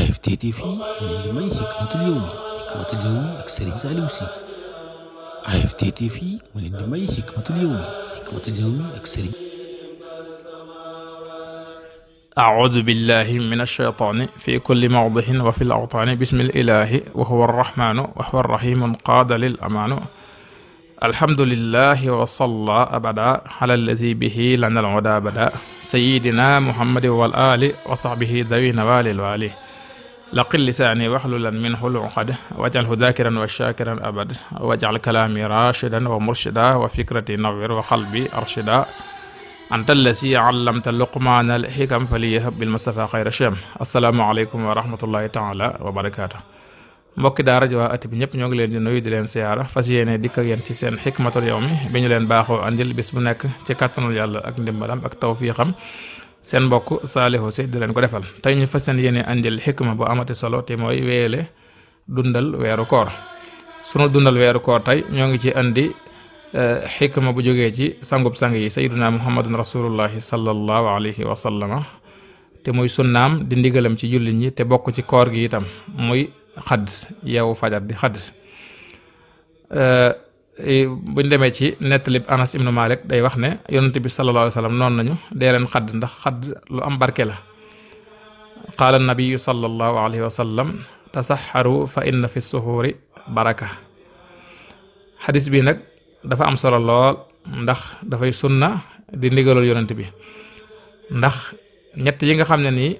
AFT TV ñu leen di may Hikmatul Yawmi Hikmatul Yawmi ak Serigne Saliou Sy AFT TV mu leen di may Hikmatul Yawmi Hikmatul Yawmi ak Serigne أعوذ بالله من الشيطان في كل موضع وفي الأوطان بسم الإله وهو الرحمن وهو الرحيم قاد للأمان الحمد لله وصلى أبدا على الذي به لنا العدا بدا سيدنا محمد والآل وصحبه ذوي نوال الوالي laqil lisaani waxlulan min xulu wajalhu dakiran wa shakiran abad wajal kalaami rashidan wa murshida wa fikrati nawir wa qalbi arshida anta allasi allamta luqmaana al xikam fa liyahab bil mustafa xayra sham asalaamualeykum wa rahmatullahi taala wa barakaatu mbokki daara ji waa at bi ñëpp ñoo ngi leen di nuyu di siyaara fas yéene dikk ak ci seen xikmatul yawmi bi ñu leen baaxoo andil bis bu nekk ci kàttanul yàlla ak ndimbalam ak tawfiixam seen bokk Saliou Sy di leen ko defal tey ñu fas yéene andil xikma bu amati solo te mooy weele dundal weeru koor sunu dundal weeru koor tey ñoo ngi ci andi eh, xikma bu jógee ci sangub sang yi sayyiduna muhammadun rasulullahi sallallahu alayhi wa sallama te muy sunnaam di ndigalam ci jullit ñi te bokk ci koor gi itam muy xadd yeewu fajar di xadd eh, Eh, buñ demee ci nettalib Anas ibnu Malik day wax ne yonante bi sallallahu wa sallam noonu nañu dee leen ndax xadd lu am barke la qaala nabiyu sallallahu alayhi wa sallam tasaxaru fa inna fi suxuuri baraka xadis bi nag dafa am solo lool ndax dafay sunna di ndigalul yonent bi ndax ñett yi nga xam ne nii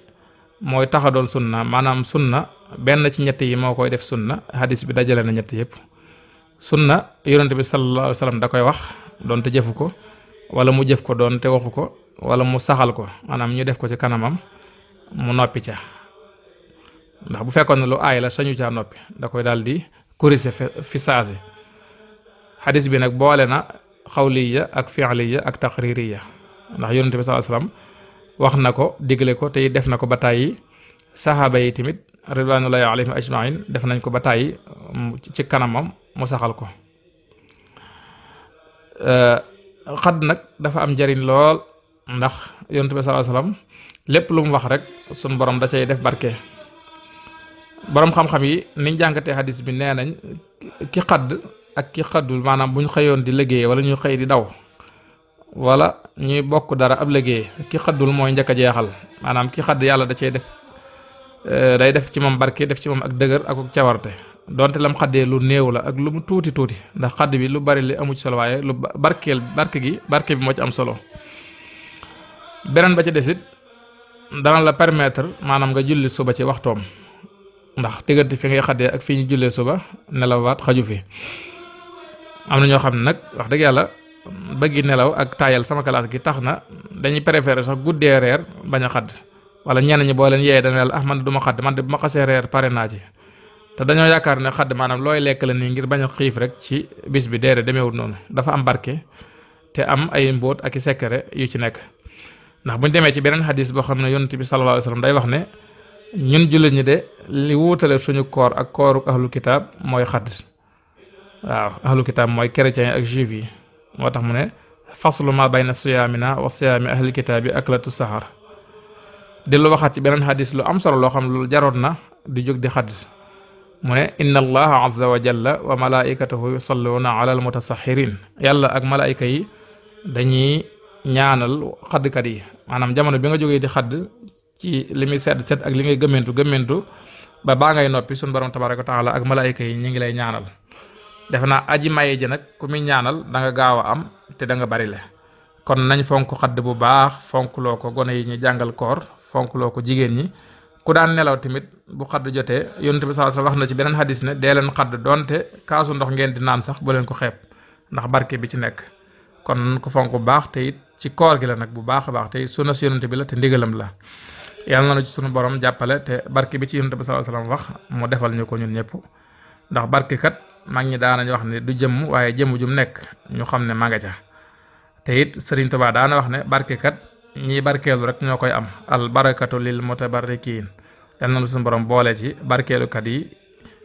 mooy taxa doon sunna maanaam sunna benn ci ñett yi moo koy def sunna xadis bi dajalee na ñett yépp sunna yonent bi sallallahu alayhi da koy wax doonte jëfu ko wala mu jëf ko doon te waxu ko wala mu saxal ko maanaam ñu def ko ci kanamam mu noppi ca ndax bu fekkoon ne lu aay la sañu caa noppi da koy daal di corriger fi saasi xadis bi nag boole na xawliya ak fi'liya ak taqririya ndax yonent bi sallallahu alayhi wa sallam wax na ko digle ko te def na ko ba tàyyi saxaaba yi tamit ridwanullahi alayhim ajmain def nañ ko ba tàyyi ci kanamam mu saxal ko eh, xadd nag dafa am njariñ lool ndax yonent bi sallallahu lépp lu mu wax rek sunu borom da cay def barke boroom xam-xam yi niñ jàngatee xadis nee nañ ki xadd ak ki xaddul maanaam bu ñu xëyoon di liggéey wala ñu xëy di daw walla ñuy bokk dara ab liggéey ki xaddul mooy njëkk jeexal maanaam ki xadd yàlla da cay def eh, day def ci moom barke def ci moom ak dëgër ak cawarte donte lam xaddee lu néew la ak lu mu tuuti tuuti ndax xadd bi lu bari li amu ci solo waaye lu barkeel barke gi barke bi moo ci am solo beneen ba ca desit dana la permettre maanaam nga julli suba ci waxtoom ndax diggante fi ngay xaddee ak fii ñu jullee suba nelawaat xaju fi am na ñoo xam ne nag wax dëgg yàlla bëggi nelaw ak taayal sama classe gi tax na dañuy préférer sax guddee reer bañ a xadd wala ñenn ñi boo leen yeeyee dana la ah man du ma xadd man de bu ma xasee reer pare naa ci te dañoo yaakaar ne xadd maanaam looy lekk la nii ngir bañ a xiif rek ci bis bi deere demeewut noonu dafa am barke te am ay mbóot ak i sekkare yu ci nekk ndax buñ demee ci beneen xadis boo xam ne yonent bi sallallahu alayhi wasallam day wax ne ñun jullit ñi de li wuutale suñu koor ak kooru ahlu mooy xadd waaw ahlu kitaab mooy chrétien ak juif moo tax mu ne faslu ma bayna siyaamina wa siyaami ahli kitaabi aklatu sahar di lu waxaat ci beneen xadis lu am solo loo xam lu jaroon na di jóg di xadd mu ne inna allaha azza wa jalla wa malaikatahu yusalluuna ala almutasaxirin yàlla ak malaayka yi dañuy ñaanal xaddkat yi maanaam jamono bi nga jógee di xadd ci li muy sedd set ak li ngay gëmmentu gëmmentu ba baa ngay noppi suñu borom tabaraka wa taala ak malaayka yi ñu ngi lay ñaanal defe naa aji maye ji nag ku muy ñaanal danga gaaw a am te da nga bari la kon nañ fonk xadd bu baax fonkloo ko gone yi ñu jàngal koor fonkloo ko jigéen ñi ku daan nelaw tamit bu xadd jotee yonent bi sallallahu wax na ci beneen xadis ne dee leen xadd donte kaasu ndox ngeen di naan sax bu leen ko xeeb ndax barke bi ci nekk kon ku fonk bu baax te it ci koor gi la nag bu baax a baax te sunna si yonent bi la te ndigalam la yàlla na ci sunu borom jàppale te barke bi ci yonent bi sallallahu alayhi wasallam wax mu defal ñu ko ñun ñëpp ndax barke kat mag ñi daanañ wax ne du jëmm waaye jëmm jum nekk ñu xam ne ma nga ca te it Sëriñ daana wax ne barke kat ñii barkeelu rek ñoo koy am al barakatu lil mutabarrikin yal na nu suñu borom boole ci barkeelukat yi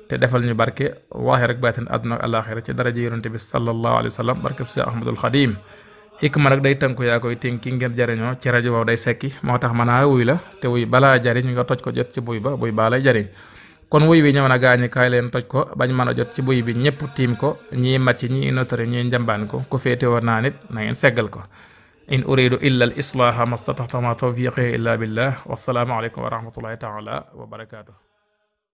te defal ñu barke waaxee rek baatin àdduna ak àllaaxira ci daraja yonente bi sallallahu alayhi wa sallam barke bi Seex Ahmadul Xadim ma nag day tënku yaa koy tënki ngeen jariñoo ci rajo waaw day sekki moo tax mën naa wuy la te wuy balaa jariñ nga toj ko jot ci buy ba buy baalay lay jariñ kon wuy bi ñëw na gaañi kaay leen toj ko bañ mën a jot ci buy bi ñëpp tiim ko ñii màcc ñii notari ñii njambaan ko féete woon naa nit na ngeen seggal ko in uridu illa al islaaha ma stataxtama tawfiqi illa billah wassalaamu aleykum wa rahmatullahi taala wa barakatuh